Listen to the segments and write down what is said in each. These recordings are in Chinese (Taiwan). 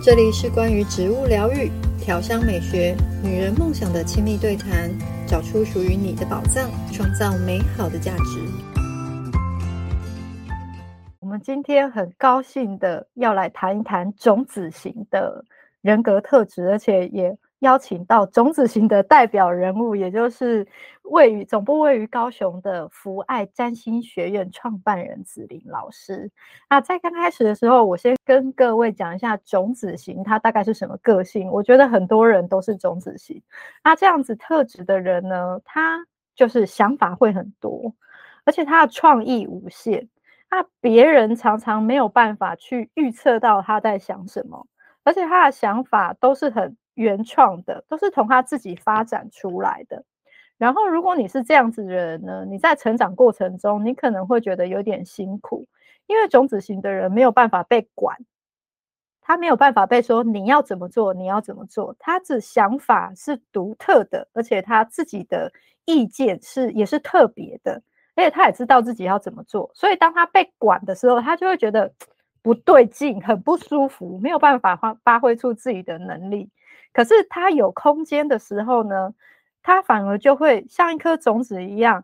這裡是關於植物療癒、調香美學、女人夢想的親密對談，找出屬於你的寶藏，創造美好的價值。我們今天很高興的要來談一談種子型的人格特質，而且也邀請到種子型的代表人物，也就是位於總部位於高雄的芙愛占心學院創辦人子玲老師。那在剛開始的時候，我先跟各位講一下種子型他大概是什麼個性。我覺得很多人都是種子型。那這樣子特質的人呢，他就是想法會很多，而且他的創意無限。那別人常常沒有辦法去預測到他在想什麼，而且他的想法都是很。原創的都是從他自己發展出來的。然後，如果你是這樣子的人呢，你在成長過程中，你可能會覺得有點辛苦，因為種子型的人沒有辦法被管，他沒有辦法被說你要怎麼做，你要怎麼做。他的想法是獨特的，而且他自己的意見是也是特別的，而且他也知道自己要怎麼做。所以，當他被管的時候，他就會覺得不對勁，很不舒服，沒有辦法發發揮出自己的能力。可是它有空間的時候呢，它反而就會像一顆種子一樣，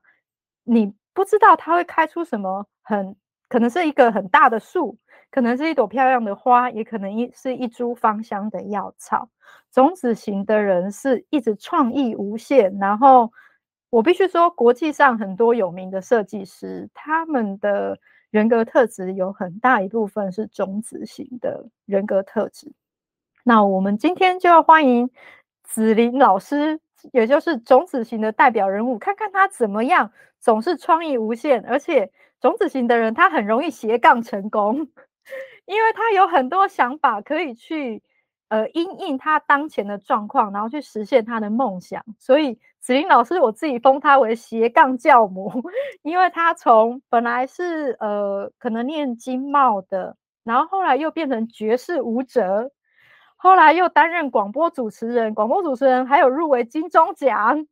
你不知道它會開出什麼，很可能是一個很大的樹，可能是一朵漂亮的花，也可能一是一株芳香的藥草。種子型的人是一直創意無限，然後我必須說，國際上很多有名的設計師，他們的人格特質有很大一部分是種子型的人格特質。那我們今天就要歡迎子玲老師，也就是種子型的代表人物，看看他怎麼樣，總是創意無限，而且種子型的人他很容易斜槓成功，因為他有很多想法可以去呃，因應他當前的狀況，然後去實現他的夢想。所以子玲老師，我自己封他為斜槓教母，因為他從本來是呃可能念經貿的，然後後來又變成爵士舞者。後來又擔任廣播主持人，廣播主持人還有入圍金鐘獎，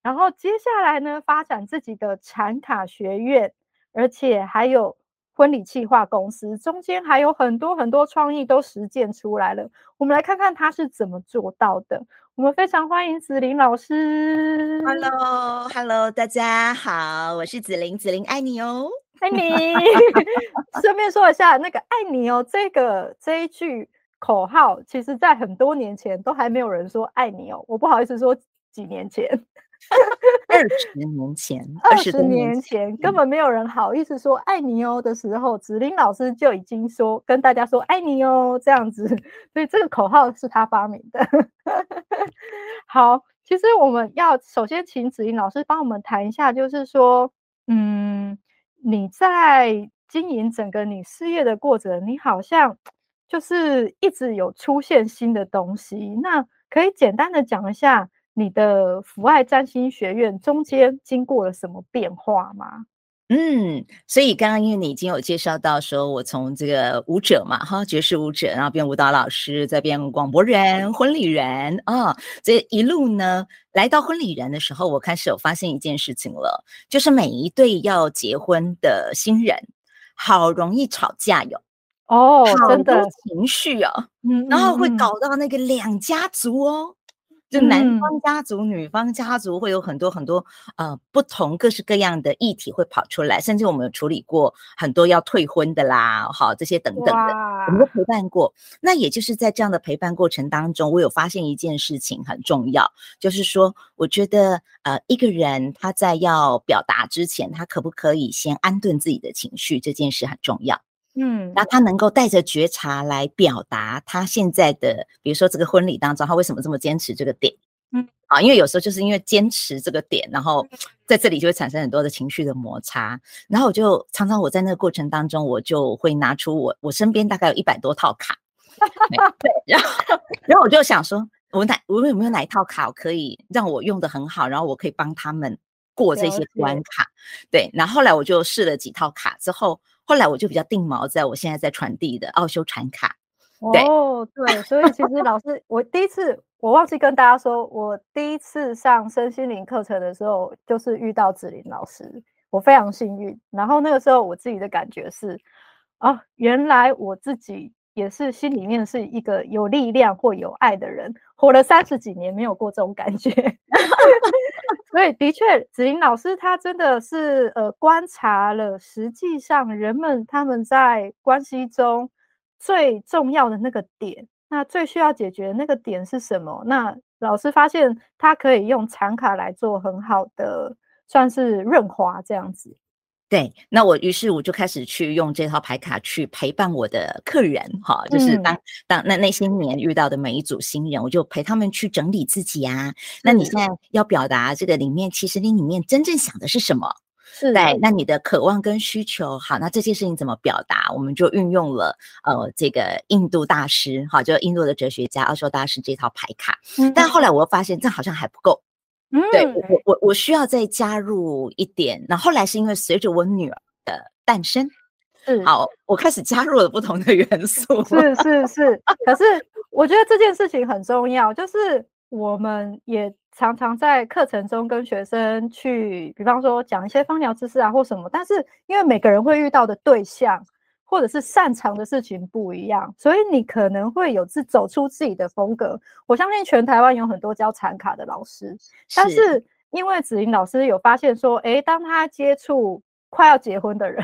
然後接下來呢，發展自己的禪卡學院，而且還有婚禮企劃公司，中間還有很多很多創意都實踐出來了。我們來看看他是怎麼做到的。我們非常歡迎子玲老師。Hello，Hello，hello，大家好，我是子玲，子玲愛你哦，愛你。順便說一下，那個愛你哦，這個這一句。口號其實，在很多年前都還沒有人說“愛你哦”，我不好意思說幾年前，二 十年前，二十年前，嗯、根本沒有人好意思說“愛你哦”的時候，子玲老師就已經說跟大家說“愛你哦”這樣子，所以這個口號是他發明的。 好，其實我們要首先請子玲老師幫我們談一下，就是說，嗯，你在經營整個你事業的過程，你好像。就是一直有出現新的東西，那可以簡單的講一下你的芙愛占星學院中間經過了什麼變化嗎？嗯，所以剛剛因為你已經有介紹到說，我從這個舞者嘛哈，爵士舞者，然後變舞蹈老師，再變廣播人、婚禮人啊，這一路呢，來到婚禮人的時候，我開始有發現一件事情了，就是每一對要結婚的新人，好容易吵架喲。Oh, 哦，真的，情緒啊，嗯，然後會搞到那個兩家族哦，嗯、就男方家族、嗯、女方家族會有很多很多呃不同各式各樣的議題會跑出來，甚至我們有處理過很多要退婚的啦，好這些等等的，我們都陪伴過。那也就是在這樣的陪伴過程當中，我有發現一件事情很重要，就是說，我覺得呃一個人他在要表達之前，他可不可以先安頓自己的情緒，這件事很重要。嗯，然後他能夠帶着覺察來表達他現在的，比如說這個婚禮當中，他為什麼這麼堅持這個點？嗯，啊，因為有時候就是因為堅持這個點，然後在這裡就會產生很多的情緒的摩擦。然後我就常常我在那個過程當中，我就會拿出我我身邊大概有一百多套卡， 對，然後然後我就想說，我哪我有沒有哪一套卡可以讓我用得很好，然後我可以幫他們過這些關卡，對。然後後來我就試了幾套卡之後。後來我就比較定錨在我現在在傳遞的奧修禪卡。哦，對，所以其實老師，我第一次 我忘記跟大家說，我第一次上身心靈課程的時候，就是遇到子玲老師，我非常幸運。然後那個時候我自己的感覺是，哦、啊，原來我自己也是心裡面是一個有力量或有愛的人，活了三十幾年沒有過這種感覺。 所以，的確，子玲老師他真的是，呃，觀察了實際上人們他們在關係中最重要的那個點，那最需要解決的那個點是什麼？那老師發現他可以用禪卡來做很好的，算是潤滑這樣子。對，那我於是我就開始去用這套牌卡去陪伴我的客人，嗯、哈，就是當當那那些年遇到的每一組新人，我就陪他們去整理自己啊、嗯。那你現在要表達這個裡面，其實你裡面真正想的是什麼？是、啊。對，那你的渴望跟需求，好，那這件事情怎麼表達？我們就運用了呃這個印度大師，哈，就印度的哲學家奧修大師這套牌卡。嗯、但後來我又發現這好像還不夠。 對我，我我需要再加入一點。那後，後來是因為隨着我女兒的誕生，嗯，好，我開始加入了不同的元素。是是是，是 可是我覺得這件事情很重要，就是我們也常常在課程中跟學生去，比方說，講一些芳療知識啊或什麼，但是因為每個人會遇到的對象。或者是擅長的事情不一樣，所以你可能會有自走出自己的風格。我相信全台灣有很多教禪卡的老師，是但是因為子玲老師有發現說，誒、欸，當他接觸快要結婚的人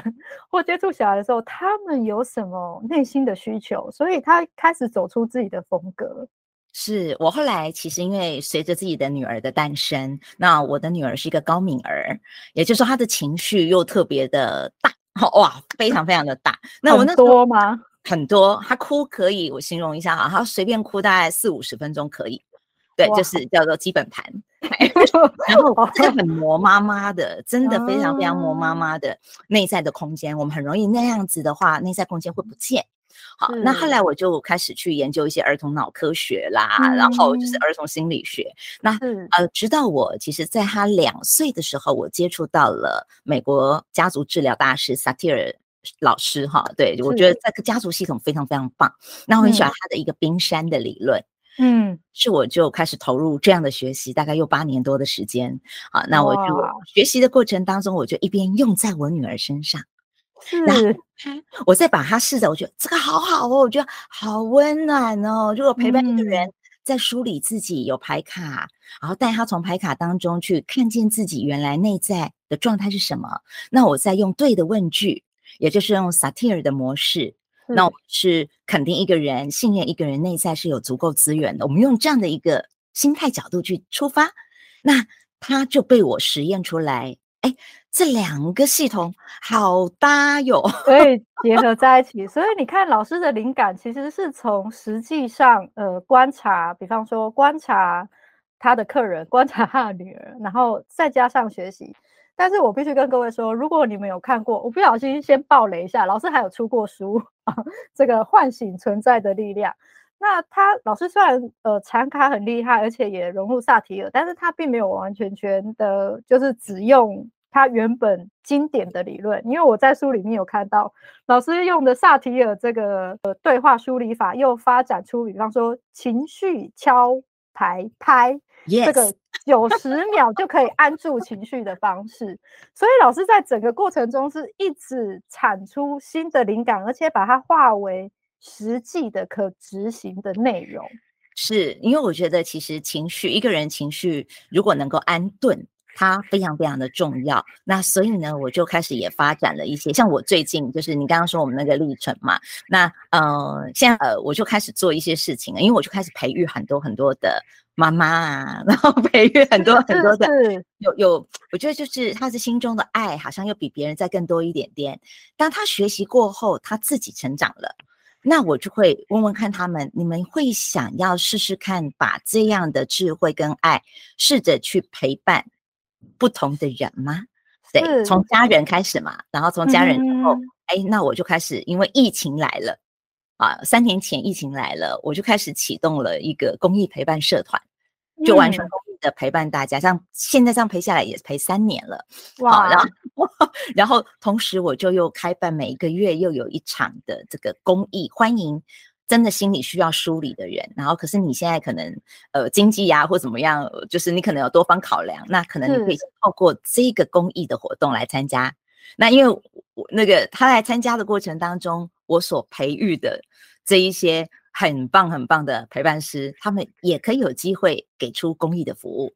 或接觸小孩的時候，他們有什麼內心的需求，所以他開始走出自己的風格。是我後來其實因為隨着自己的女兒的誕生，那我的女兒是一個高敏兒，也就是說她的情緒又特別的大。哇，非常非常的大。那我那個、很多嗎？很多，他哭可以，我形容一下哈。他隨便哭大概四五十分鐘可以。對，就是叫做基本盤。然後他很磨媽媽的，真的非常非常磨媽媽的內在的空間。我們很容易那樣子的話，內在空間會不見。好、嗯，那後來我就開始去研究一些兒童腦科學啦，嗯、然後就是兒童心理學。那、嗯、呃，直到我其實在他兩歲的時候，我接觸到了美國家族治療大師薩提爾老師哈，對，我覺得這個家族系統非常非常棒、嗯。那我很喜歡他的一個冰山的理論，嗯，是我就開始投入這樣的學習，大概有八年多的時間。好，那我就學習的過程當中，我就一邊用在我女兒身上。那我再把它試着，我覺得這個好好哦，我覺得好溫暖哦。如果陪伴一個人在梳理自己有牌卡，嗯，然後帶他從牌卡當中去看見自己原來內在的狀態是什麼，那我再用對的問句，也就是用 Satir 的模式，是那我是肯定一個人，信任一個人內在是有足夠資源的。我們用這樣的一個心態角度去出發，那他就被我實驗出來，哎。這兩個系統好搭喲，可以結合在一起。 所以你看，老師的靈感其實是從實際上呃觀察，比方說觀察他的客人，觀察他的女兒，然後再加上學習。但是我必須跟各位說，如果你們有看過，我不小心先爆雷一下，老師還有出過書啊，這個喚醒存在的力量。那他老師雖然呃禪卡很厲害，而且也融入薩提爾，但是他並沒有完完全全的，就是只用。他原本經典的理論，因為我在書裡面有看到，老師用的薩提爾這個呃對話梳理法，又發展出，比方說情緒敲拍拍、yes. 這個九十秒就可以安住情緒的方式。 所以老師在整個過程中是一直產出新的靈感，而且把它化為實際的可執行的內容。是因為我覺得其實情緒，一個人情緒如果能夠安頓。他非常非常的重要，那所以呢，我就開始也發展了一些，像我最近就是你剛剛說我們那個歷程嘛，那呃，現在呃，我就開始做一些事情了，因為我就開始培育很多很多的媽媽啊，然後培育很多很多的， 有有，我覺得就是他是心中的愛，好像又比別人再更多一點點。當他學習過後，他自己成長了，那我就會問問看他們，你們會想要試試看把這樣的智慧跟愛試着去陪伴。不同的人嗎？對，從、嗯、家人開始嘛，然後從家人之後，然後哎，那我就開始，因為疫情來了啊，三年前疫情來了，我就開始啟動了一個公益陪伴社團，就完全公益的陪伴大家，嗯，像現在這樣陪下來也陪三年了。哇、啊啊，然後哇然後同時我就又開辦每一個月又有一場的這個公益歡迎。真的心裡需要梳理的人，然後可是你現在可能呃經濟呀、啊、或怎麼樣，就是你可能有多方考量，那可能你可以透過這個公益的活動來參加。那因為那個他來參加的過程當中，我所培育的這一些很棒很棒的陪伴師，他們也可以有機會給出公益的服務。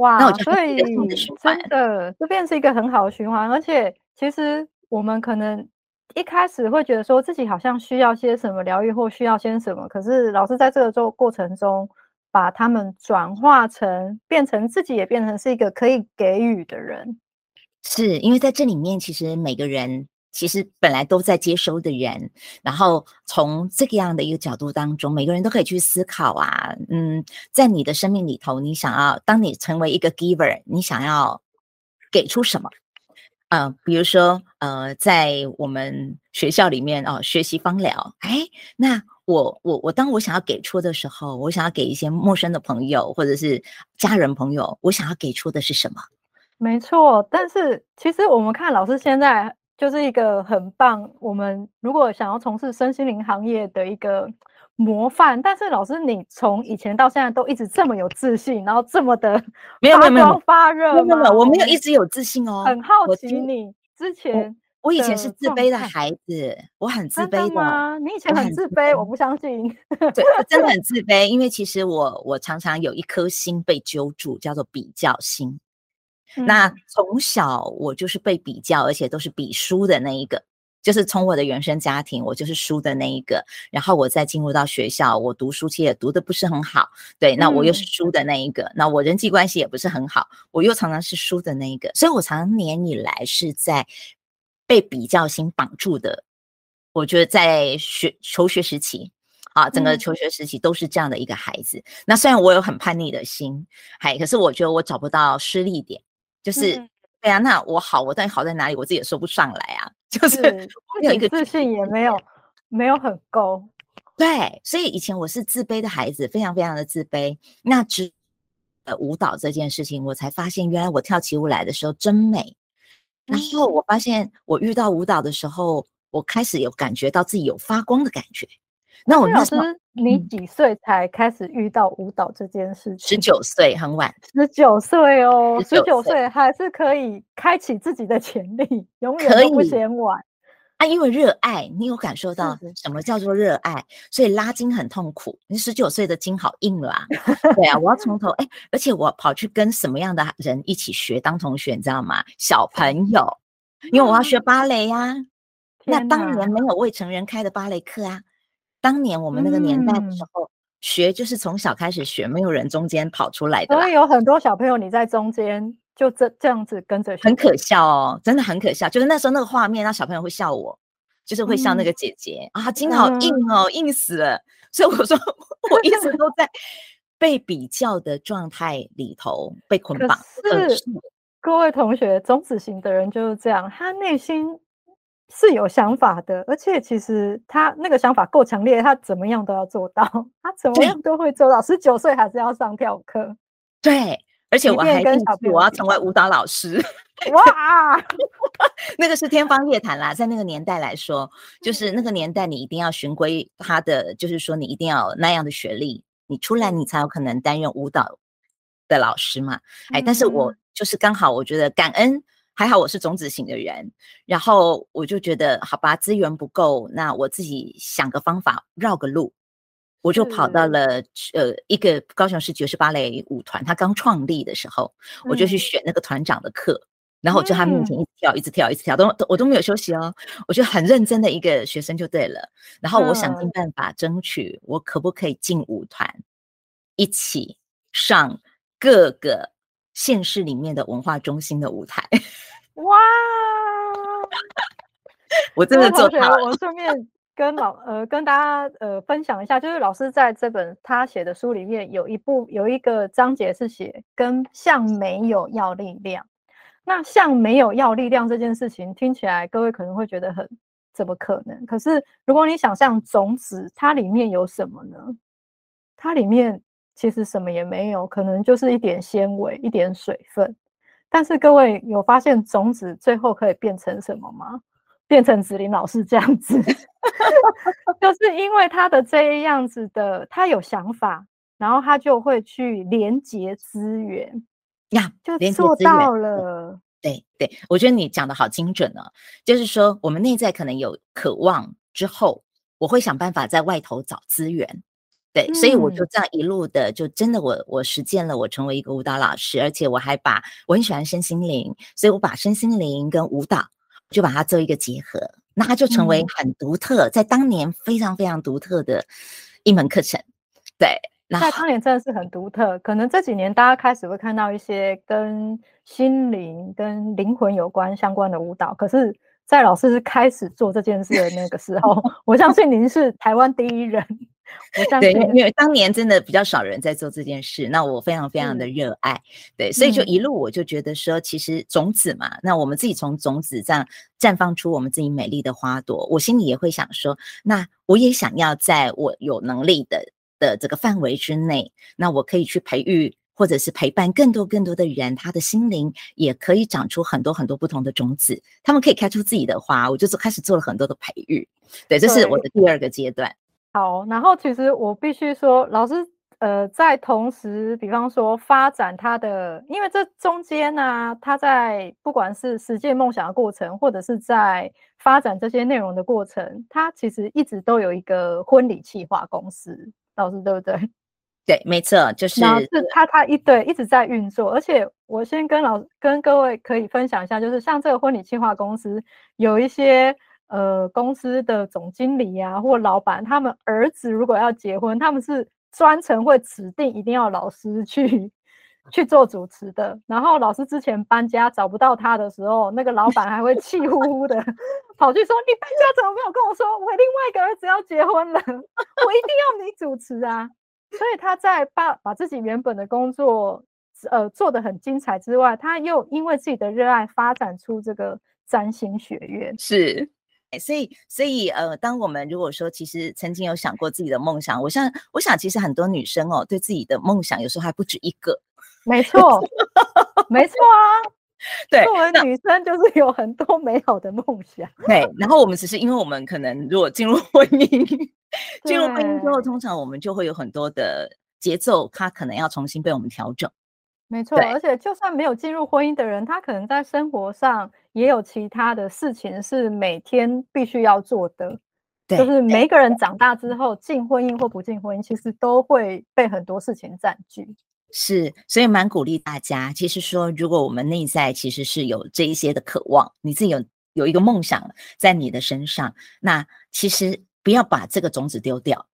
哇，那我覺得就一個很好的循環，真的，這邊是一個很好的循環，而且其實我們可能。一開始會覺得說自己好像需要些什麼療癒或需要些什麼，可是老師在這個過程中，把他們轉化成變成自己也變成是一個可以給予的人。是，因為在這裡面，其實每個人其實本來都在接收的人，然後從這個樣的一個角度當中，每個人都可以去思考啊，嗯，在你的生命裡頭，你想要，當你成為一個 giver，你想要給出什麼？啊、呃，比如說，呃，在我們學校裡面哦、呃，學習芳療。哎，那我我我，我當我想要給出的時候，我想要給一些陌生的朋友或者是家人朋友，我想要給出的是什麼？沒錯。但是其實我們看老師現在就是一個很棒，我們如果想要從事身心靈行業的一個。模範，但是老師，你從以前到現在都一直這麼有自信，然後這麼的發光發沒有沒有沒有發熱沒有，我沒有一直有自信哦。很好奇你之前我我，我以前是自卑的孩子，真的我很自卑的。嗎？你以前很自卑，我,卑我不相信。真的真的很自卑，因為其實我我常常有一顆心被揪住，叫做比較心、嗯。那從小我就是被比較，而且都是比輸的那一個。就是從我的原生家庭，我就是輸的那一個，然後我再進入到學校，我讀書其實也讀得不是很好，對，那我又是輸的那一個、嗯，那我人際關係也不是很好，我又常常是輸的那一個，所以我常年以來是在被比較心綁住的。我覺得在學求學時期，啊，整個求學時期都是這樣的一個孩子。嗯、那雖然我有很叛逆的心，嗨，可是我覺得我找不到施力點，就是。嗯對呀、啊，那我好，我到底好在哪裡？我自己也說不上來啊，就是，是自一個自信也沒有，沒有很高。 對，所以以前我是自卑的孩子，非常非常的自卑。那只呃舞蹈這件事情，我才發現原來我跳起舞來的時候真美。那時候我發現我遇到舞蹈的時候，我開始有感覺到自己有發光的感覺。那子玲老師你幾歲才開始遇到舞蹈這件事情？十九歲，很晚。十九歲哦，十九歲還是可以開啟自己的潛力，可以永遠都不嫌晚。啊，因為熱愛，你有感受到什麼叫做熱愛？所以拉筋很痛苦，你十九歲的筋好硬了啊。 對啊，我要從頭哎、欸，而且我跑去跟什麼樣的人一起學？當同學你知道嗎？小朋友，嗯、因為我要學芭蕾呀、啊啊。那當年沒有未成人開的芭蕾課啊。當年我們那個年代的時候，嗯、學就是從小開始學，沒有人中間跑出來的。所以有很多小朋友，你在中間就這這樣子跟着，很可笑哦，真的很可笑。就是那時候那個畫面，那小朋友會笑我，就是會笑那個姐姐、嗯、啊，他筋好硬哦、嗯，硬死了。所以我說，我一直都在被比較的狀態裡頭被捆綁。是，是，各位同學，種子型的人就是這樣，他內心。是有想法的，而且其實他那個想法夠強烈，他怎麼樣都要做到，他怎麼樣都會做到。十九歲還是要上跳舞課，對，而且我還立志我要成為舞蹈老師。哇， 那個是天方夜譚啦，在那個年代來說，就是那個年代你一定要循規，他的就是說你一定要有那樣的學歷，你出來你才有可能擔任舞蹈的老師嘛。哎、欸，但是我就是剛好我覺得感恩。還好我是種子型的人，然後我就覺得好吧，資源不夠，那我自己想個方法繞個路，我就跑到了呃一個高雄市爵士芭蕾舞團，他剛創立的時候，我就去選那個團長的課，嗯、然後我在他面前一直跳，嗯，一直跳，一直跳，都都我都沒有休息哦，我就很認真的一個學生就對了，然後我想盡辦法爭取，我可不可以進舞團、嗯、一起上各個。縣市裡面的文化中心的舞台，哇！ 我真的做了。我順便跟老呃跟大家呃分享一下，就是老師在這本他寫的書裡面有一部有一個章節是寫跟像沒有要力量，那像沒有要力量這件事情聽起來各位可能會覺得很怎麼可能？可是如果你想象種子，它裡面有什麼呢？它裡面。其實什麼也沒有，可能就是一點纖維、一點水分。但是各位有發現種子最後可以變成什麼嗎？變成子玲老師這樣子， 就是因為他的這樣子的，他有想法，然後他就會去連接資源呀，yeah, 就做到了，連接資源。對對，我覺得你講得好精準哦、啊，就是說我們內在可能有渴望之後，我會想辦法在外頭找資源。對，所以我就這樣一路的，嗯、就真的我我實踐了，我成為一個舞蹈老師，而且我還把我很喜歡身心靈，所以我把身心靈跟舞蹈就把它做一個結合，那它就成為很獨特、嗯，在當年非常非常獨特的一門課程。對，那在當年真的是很獨特，可能這幾年大家開始會看到一些跟心靈、跟靈魂有關相關的舞蹈，可是，在老師開始做這件事的那個時候， 我相信您是台灣第一人。 對，因為當年真的比較少人在做這件事，那我非常非常的熱愛、嗯，對，所以就一路我就覺得說，嗯、其實種子嘛，那我們自己從種子上綻放出我們自己美麗的花朵，我心裡也會想說，那我也想要在我有能力的的這個範圍之內，那我可以去培育或者是陪伴更多更多的人，他的心靈也可以長出很多很多不同的種子，他們可以開出自己的花，我就做開始做了很多的培育，對，對這是我的第二個階段。好，然後其實我必須說，老師，呃，在同時，比方說發展他的，因為這中間呢、啊，他在不管是實踐夢想的過程，或者是在發展這些內容的過程，他其實一直都有一個婚禮企劃公司，老師對不對？對，沒錯，就是，老師他他一對一直在運作，而且我先跟老跟各位可以分享一下，就是像這個婚禮企劃公司有一些。呃，公司的總經理呀、啊，或老闆，他們兒子如果要結婚，他們是專程會指定一定要老師去去做主持的。然後老師之前搬家找不到他的時候，那個老闆還會氣呼呼的 跑去說：“ 你搬家怎麼沒有跟我說？我另外一個兒子要結婚了，我一定要你主持啊！” 所以他在把把自己原本的工作，呃，做得很精彩之外，他又因為自己的熱愛發展出這個占心學院。是。所以，所以，呃，當我們如果說其實曾經有想過自己的夢想，我想，我想，其實很多女生哦，對自己的夢想有時候還不止一個，沒錯， 沒錯啊，對，我們女生就是有很多美好的夢想。對，然後我們只是因為我們可能如果進入婚姻，進入婚姻之後，通常我們就會有很多的節奏，它可能要重新被我們調整。沒錯，而且就算沒有進入婚姻的人，他可能在生活上也有其他的事情是每天必須要做的。對，就是每一個人長大之後，進婚姻或不進婚姻，其實都會被很多事情佔據。是，所以蠻鼓勵大家，其實說如果我們內在其實是有這一些的渴望，你自己有有一個夢想在你的身上，那其實不要把這個種子丟掉。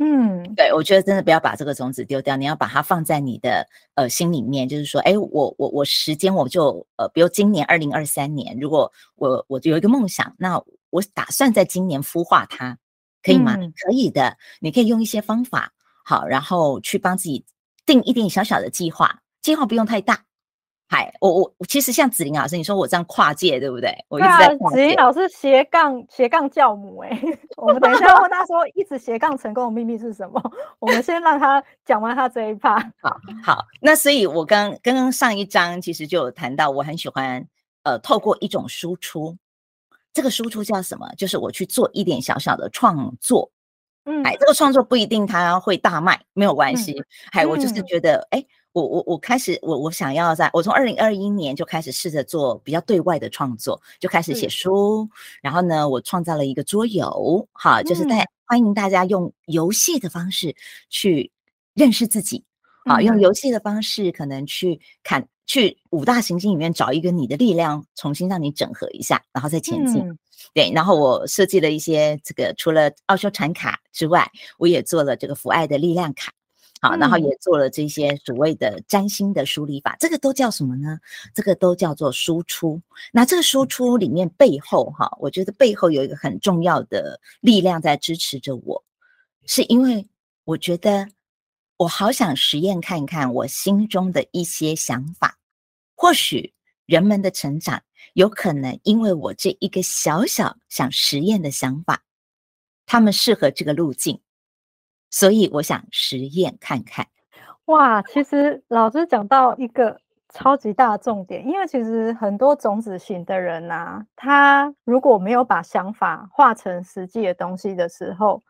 嗯，對，我覺得真的不要把這個種子丟掉，你要把它放在你的呃心裡面，就是說，哎，我我我時間我就呃，比如今年二零二三年，如果我我有一個夢想，那我打算在今年孵化它，可以嗎？嗯，可以的，你可以用一些方法，好，然後去幫自己定一點小小的計劃，計劃不用太大。嗨，我我其實像子玲老師，你說我這樣跨界，對不對？對啊、我一直在跨界。子玲老師斜槓斜槓教母哎、欸， 我們等一下要問他說，一直斜槓成功的秘密是什麼？ 我們先讓他講完他這一 part。好，好，那所以我剛剛，我剛剛剛上一章其實就有談到，我很喜歡呃，透過一種輸出，這個輸出叫什麼？就是我去做一點小小的創作，嗯，哎，這個創作不一定他會大賣，沒有關係，哎、嗯，Hi, 我就是覺得哎。嗯欸我我我開始，我我想要在我從二零二一年就開始試着做比較對外的創作，就開始寫書。然後呢，我創造了一個桌遊，哈、嗯，就是在歡迎大家用遊戲的方式去認識自己，嗯、啊，用遊戲的方式可能去看、嗯、去五大行星裡面找一個你的力量，重新讓你整合一下，然後再前進。嗯、對，然後我設計了一些這個，除了奧修禪卡之外，我也做了這個芙愛的力量卡。好，然後也做了這些所謂的占心的梳理法、嗯，這個都叫什麼呢？這個都叫做輸出。那這個輸出裡面背後哈、啊，我覺得背後有一個很重要的力量在支持着我，是因為我覺得我好想實驗看一看我心中的一些想法，或許人們的成長有可能因為我這一個小小想實驗的想法，他們適合這個路徑。所以我想實驗看看。哇，其實老師講到一個超級大的重點，因為其實很多種子型的人吶、啊，他如果沒有把想法化成實際的東西的時候，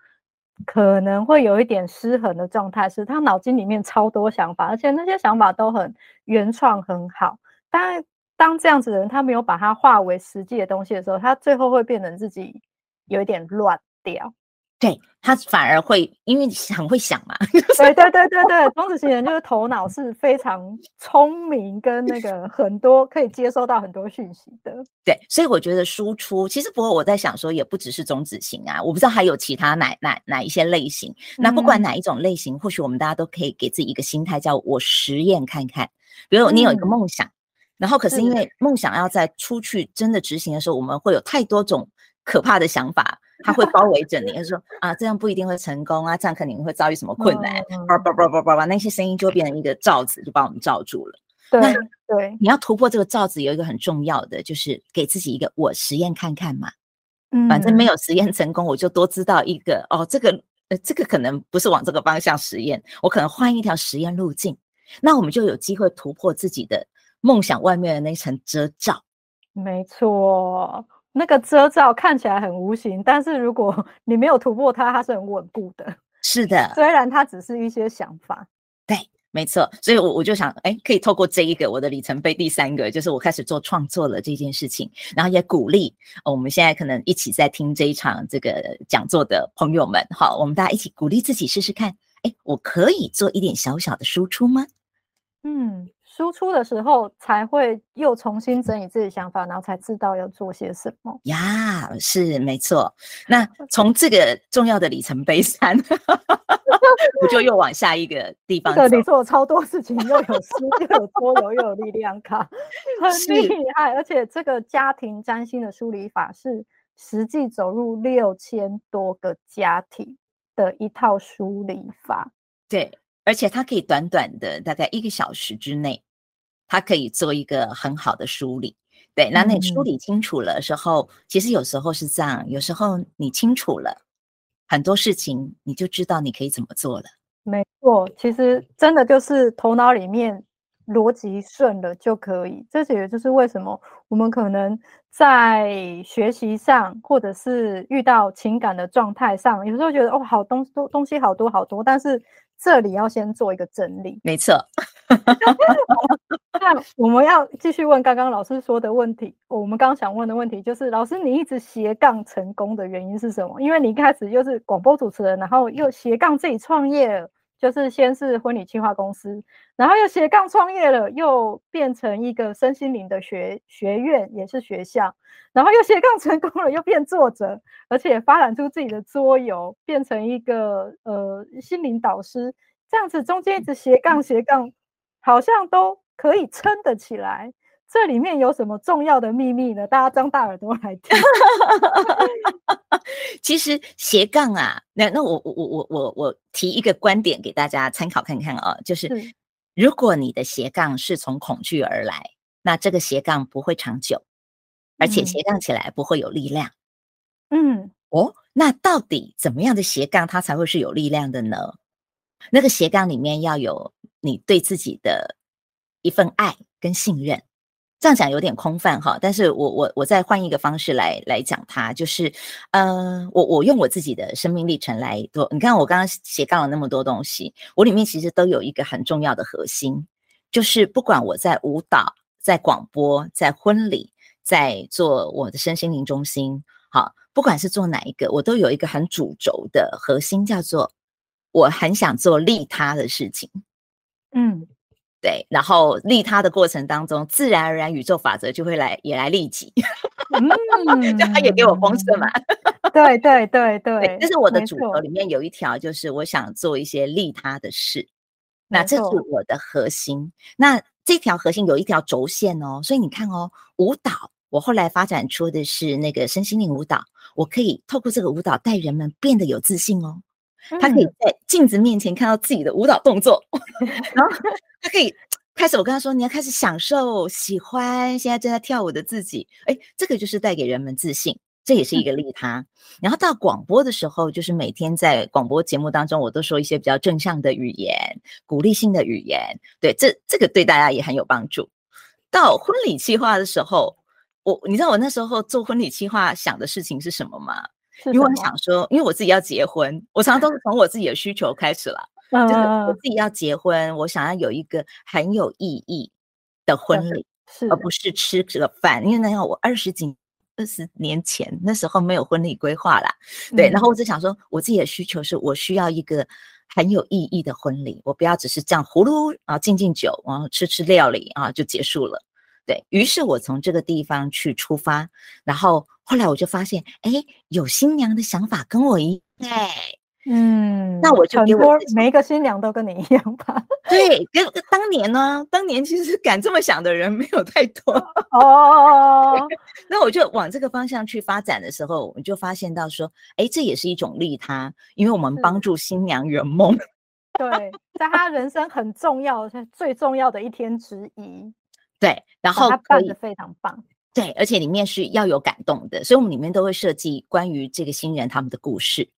可能會有一點失衡的狀態，是他腦筋裡面超多想法，而且那些想法都很原創、很好。但當這樣子的人他沒有把它化為實際的東西的時候，他最後會變成自己有一點亂掉。對，他反而會，因為你很會想嘛。就是、對對對對對，種子型人就是頭腦是非常聰明，跟那個很多 可以接收到很多訊息的。對，所以我覺得輸出其實，不過我在想說，也不只是種子型啊，我不知道還有其他哪哪哪一些類型。那不管哪一種類型、嗯，或許我們大家都可以給自己一個心態，叫我實驗看看。比如你有一個夢想，嗯、然後可是因為夢想要在出去真的執行的時候，我們會有太多種可怕的想法。 他會包圍着你， 就說啊，這樣不一定會成功啊，這樣可能會遭遇什麼困難。叭叭叭叭叭叭，那些聲音就變成一個罩子，就把我們罩住了。對對，你要突破這個罩子，有一個很重要的就是給自己一個我實驗看看嘛、嗯。反正沒有實驗成功，我就多知道一個、嗯、哦，這個、呃、這個可能不是往這個方向實驗，我可能換一條實驗路徑。那我們就有機會突破自己的夢想外面的那一層遮罩。沒錯。那個遮罩看起來很無形，但是如果你沒有突破它，它是很穩固的。是的，雖然它只是一些想法。對，沒錯。所以，我我就想，哎、欸，可以透過這一個我的里程碑，第三個就是我開始做創作了這件事情，然後也鼓勵我們現在可能一起在聽這一場這個講座的朋友們，好，我們大家一起鼓勵自己試試看，哎、欸，我可以做一點小小的輸出嗎？嗯。輸出的時候才會又重新整理自己想法，然後才知道要做些什麼呀。Yeah, 是沒錯。那從這個重要的里程碑上， 我就又往下一個地方。 這裡做了超多事情，又有書， 又有桌遊，又有力量卡， 很厲害。而且這個家庭占心的梳理法是實際走入六千多個家庭的一套梳理法。對，而且它可以短短的大概一個小時之內。他可以做一個很好的梳理，對，那你梳理清楚了時候，嗯、其實有時候是這樣，有時候你清楚了很多事情，你就知道你可以怎麼做了。沒錯，其實真的就是頭腦裡面邏輯順了就可以。這也就是為什麼我們可能在學習上，或者是遇到情感的狀態上，有時候覺得哦，好東西東西好多好多，但是。這裡要先做一個整理，沒錯 。 那我們要繼續問剛剛老師說的問題。我們剛想問的問題就是：老師，你一直斜槓成功的原因是什麼？因為你一開始又是廣播主持人，然後又斜槓自己創業。就是先是婚禮企劃公司，然後又斜槓創業了，又變成一個身心靈的學學院，也是學校，然後又斜槓成功了，又變作者，而且發展出自己的桌遊，變成一個呃心靈導師，這樣子中間一直斜槓斜槓，好像都可以撐得起來。這裡面有什麼重要的秘密呢？大家張大耳朵來聽。 其實斜槓啊，那那我我我我我我提一個觀點給大家參考看看啊、哦，就是，是如果你的斜槓是從恐懼而來，那這個斜槓不會長久、嗯，而且斜槓起來不會有力量。嗯，哦，那到底怎麼樣的斜槓它才會是有力量的呢？那個斜槓裡面要有你對自己的一份愛跟信任。這樣講有點空泛哈，但是我我我再換一個方式來來講它，就是，呃，我我用我自己的生命歷程來做，你看我剛剛斜槓了那麼多東西，我裡面其實都有一個很重要的核心，就是不管我在舞蹈、在廣播、在婚禮、在做我的身心靈中心，好，不管是做哪一個，我都有一個很主軸的核心，叫做我很想做利他的事情，嗯。然後利他的過程當中，自然而然宇宙法則就會來也來利己，就、 嗯、他也給我豐盛嘛。 嗯、對對對對，對，這是我的組合裡面有一條，就是我想做一些利他的事，那這是我的核心。那這條核心有一條軸線哦，所以你看哦，舞蹈我後來發展出的是那個身心靈舞蹈，我可以透過這個舞蹈帶人們變得有自信哦。他可以在鏡子面前看到自己的舞蹈動作、嗯， 然後他可以開始。我跟他說：“你要開始享受、喜歡現在正在跳舞的自己。欸”哎，這個就是帶給人們自信，這也是一個利他。嗯、然後到廣播的時候，就是每天在廣播節目當中，我都說一些比較正向的語言、鼓勵性的語言。對，這這個對大家也很有幫助。到婚禮企劃的時候，我你知道我那時候做婚禮企劃想的事情是什麼嗎？因為我想說，因為我自己要結婚，我常常都是從我自己的需求開始了。嗯， 我自己要結婚，我想要有一個很有意義的婚禮、啊，而不是吃個飯。因為那樣，我二十幾二十年前那時候沒有婚禮規劃啦，對、嗯。然後我就想說，我自己的需求是我需要一個很有意義的婚禮，我不要只是這樣葫蘆啊敬敬酒，然後吃吃料理啊就結束了。對，於是我從這個地方去出發，然後後來我就發現，哎，有新娘的想法跟我一樣，哎，嗯，那我就給我每一個新娘都跟你一樣吧。對，跟當年呢、哦，當年其實敢這麼想的人沒有太多。 哦，哦，哦，哦，哦，那我就往這個方向去發展的時候，我就發現到說，哎，這也是一種利他，因為我們幫助新娘圓夢。 對，在她人生很重要、最 最重要的一天之一。對，然後他辦的非常棒。對，而且裡面是要有感動的，所以我們裡面都會設計關於這個新人他們的故事，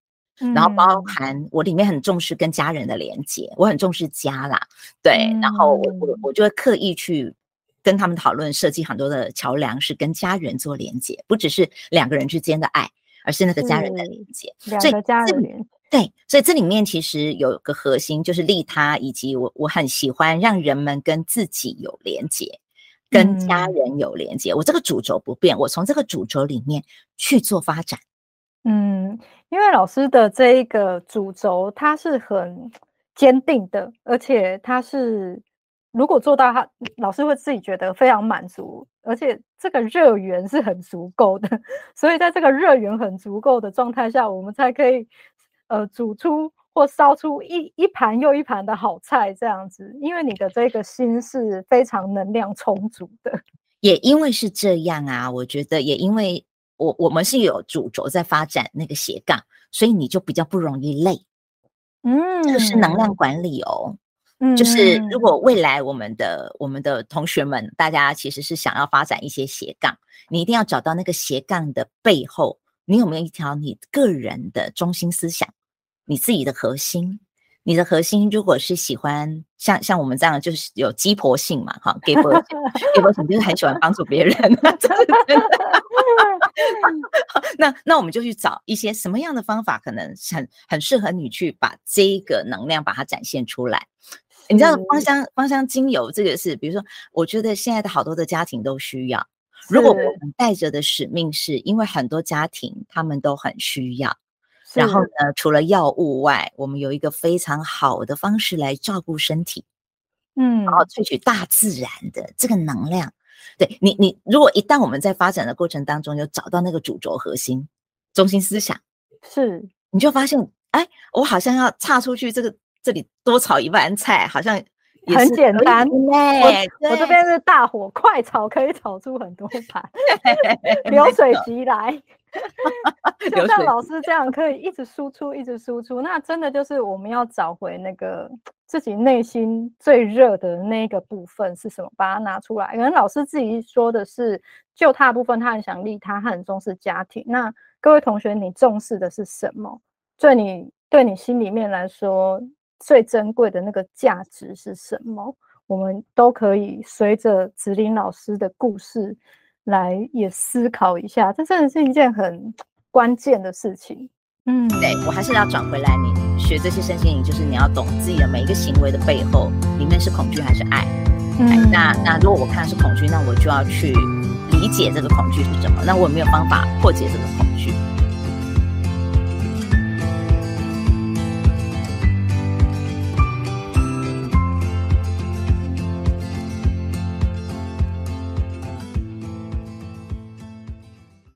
嗯、然後包含我裡面很重視跟家人的連接，我很重視家啦。對，嗯、然後我我我就會刻意去跟他們討論設計很多的橋梁，是跟家人做連接，不只是兩個人之間的愛，而是那個家人的連接。這、嗯、個家人對，所以這裡面其實有個核心就是利他，以及我我很喜歡讓人們跟自己有連接。跟家人有連接，嗯，我這個主軸不變，我從這個主軸裡面去做發展。嗯，因為老師的這一個主軸，他是很堅定的，而且他是如果做到，老師會自己覺得非常滿足，而且這個熱源是很足夠的，所以在這個熱源很足夠的狀態下，我們才可以呃煮出，燒出一一盤又一盤的好菜，這樣子，因為你的這個心是非常能量充足的。也因為是這樣啊，我覺得也因為我我們是有主軸在發展那個斜槓，所以你就比較不容易累。嗯，這、就是能量管理哦。嗯，就是如果未來我們的、嗯、我們的同學們，大家其實是想要發展一些斜槓，你一定要找到那個斜槓的背後，你有沒有一條你個人的中心思想？你自己的核心，你的核心如果是喜歡像像我們這樣，就是有雞婆性嘛，哈，雞婆雞婆就是很喜歡幫助別人。 那那我們就去找一些什麼樣的方法，可能很很適合你去把這一個能量把它展現出來。嗯，你知道，芳香芳香精油這個是，比如說，我覺得現在的好多的家庭都需要。如果我們帶着的使命是，因為很多家庭他們都很需要。然後呢，除了藥物外，我們有一個非常好的方式來照顧身體，嗯，然後萃取大自然的這個能量。對你，你如果一旦我們在發展的過程當中，有找到那個主軸核心、中心思想，是你就發現，哎，我好像要岔出去，這個這裡多炒一碗菜，好像。很簡單，我這邊是大火快炒，可以炒出很多盤， 流水席急來， 流水急笑就像老師這樣，可以一直輸出，一直輸出， 出。那真的就是我們要找回那個自己內心最熱的那個部分是什麼，把它拿出來。可能老師自己說的是，就他部分，他很想利他，他很重視家庭。那各位同學，你重視的是什麼？對你，對你心裡面來說？最珍貴的那個價值是什麼？我們都可以隨着子玲老師的故事來也思考一下，這真的是一件很關鍵的事情。嗯，對，我還是要轉回來，你學這些身心靈，就是你要懂自己的每一個行為的背後，裡面是恐懼還是愛？嗯，那那如果我看是恐懼，那我就要去理解這個恐懼是什麼，那我沒有辦法破解這個恐懼。